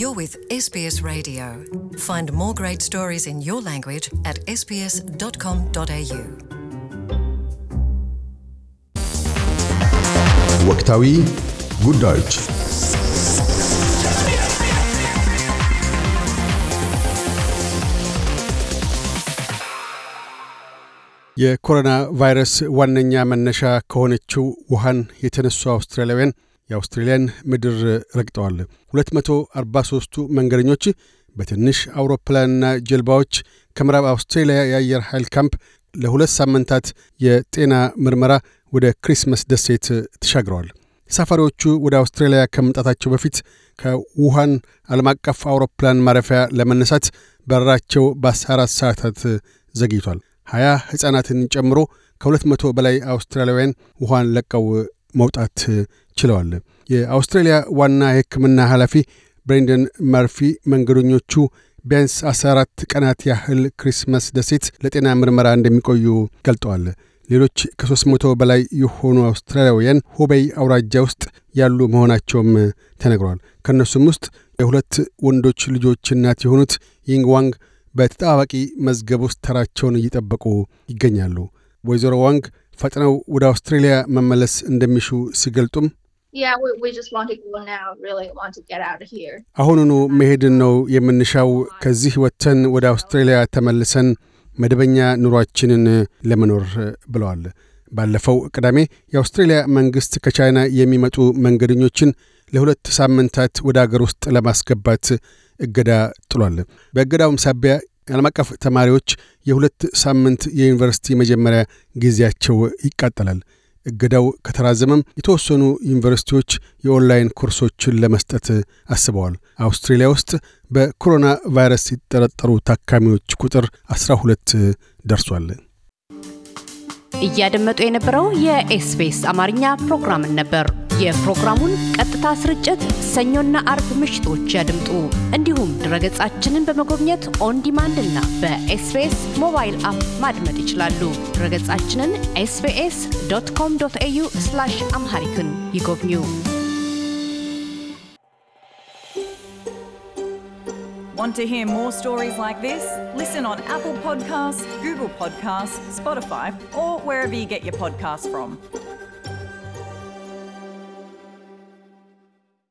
You're with SBS Radio. Find more great stories in your language at sbs.com.au. ወቅታዊ ጉዳዮች የኮሮና ቫይረስ ዋነኛ መነሻ ከሆነችው ውሃን የተነሱ አውስትራሊያውያን የአውስትሬልያን ምድር ረግጠዋል። 243ቱ መንገደኞች በትንሽ አውሮፕላንና ጀልባዎች ከምዕራብ አውስትሬልያ የአየር ኃይል ካምፕ ለሁለት ሳምንታት የጤና ምርመራ ወደ ክሪስመስ ደሴት ተሻግረዋል። ተሳፋሪዎቹ ወደ አውስትራሊያ ከመምጣታቸው በፊት ከውሃን ዓለም አቀፍ አውሮፕላን ማረፊያ ለመነሳት በረራቸው በ14 ሰዓታት ዘግይቷል። 20 ሕፃናትን ጨምሮ ከ200 በላይ አውስትራሊያውያን ውሃን ለቀው መውጣት ችለዋል። የአውስትሬሊያ ዋና የሕክምና ኃላፊ ብሬንደን መርፊ መንገደኞቹ ቢያንስ 14 ቀናት ያህል ክሪስመስ ደሴት ለጤና ምርመራ እንደሚቆዩ ገልጠዋል። ሌሎች ከ300 በላይ የሆኑ አውስትራሊያውያን ሆበይ አውራጃ ውስጥ ያሉ መሆናቸውም ተነግሯል። ከእነሱም ውስጥ የሁለት ወንዶች ልጆች እናት የሆኑት ይንግ ዋንግ በተጠባባቂ መዝገብ ውስጥ ተራቸውን እየጠበቁ ይገኛሉ። ወይዘሮ ዋንግ ፈጥነው ወደ አውስትሬሊያ መመለስ እንደሚሹ ሲገልጡም አሁኑኑ መሄድን ነው የምንሻው፣ ከዚህ ወጥተን ወደ አውስትሬሊያ ተመልሰን መደበኛ ኑሯችንን ለመኖር ብለዋል። ባለፈው ቅዳሜ የአውስትሬሊያ መንግሥት ከቻይና የሚመጡ መንገደኞችን ለሁለት ሳምንታት ወደ አገር ውስጥ ለማስገባት እገዳ ጥሏል። በእገዳውም ሳቢያ ዓለም አቀፍ ተማሪዎች የሁለት ሳምንት የዩኒቨርሲቲ መጀመሪያ ጊዜያቸው ይቃጠላል። እገዳው ከተራዘመም የተወሰኑ ዩኒቨርሲቲዎች የኦንላይን ኮርሶችን ለመስጠት አስበዋል። አውስትሬሊያ ውስጥ በኮሮና ቫይረስ የተጠረጠሩ ታካሚዎች ቁጥር 12 ደርሷል። እያደመጡ የነበረው የኤስቢኤስ አማርኛ ፕሮግራምን ነበር። የፕሮግራሙን ቀጥ በቀጥታ ስርጭት ሰኞና አርብ ምሽቶች ያድምጡ። እንዲሁም ድረገጻችንን በመጎብኘት እና ሞባይል አፕ ማድመጥ ይችላሉ። ድረገጻችንን ዶት ኮም ዶት ኤዩ አምሃሪክን ይጎብኙ። Want to hear more stories like this? Listen on Apple Podcasts, Google Podcasts, Spotify, or wherever you get your podcasts from.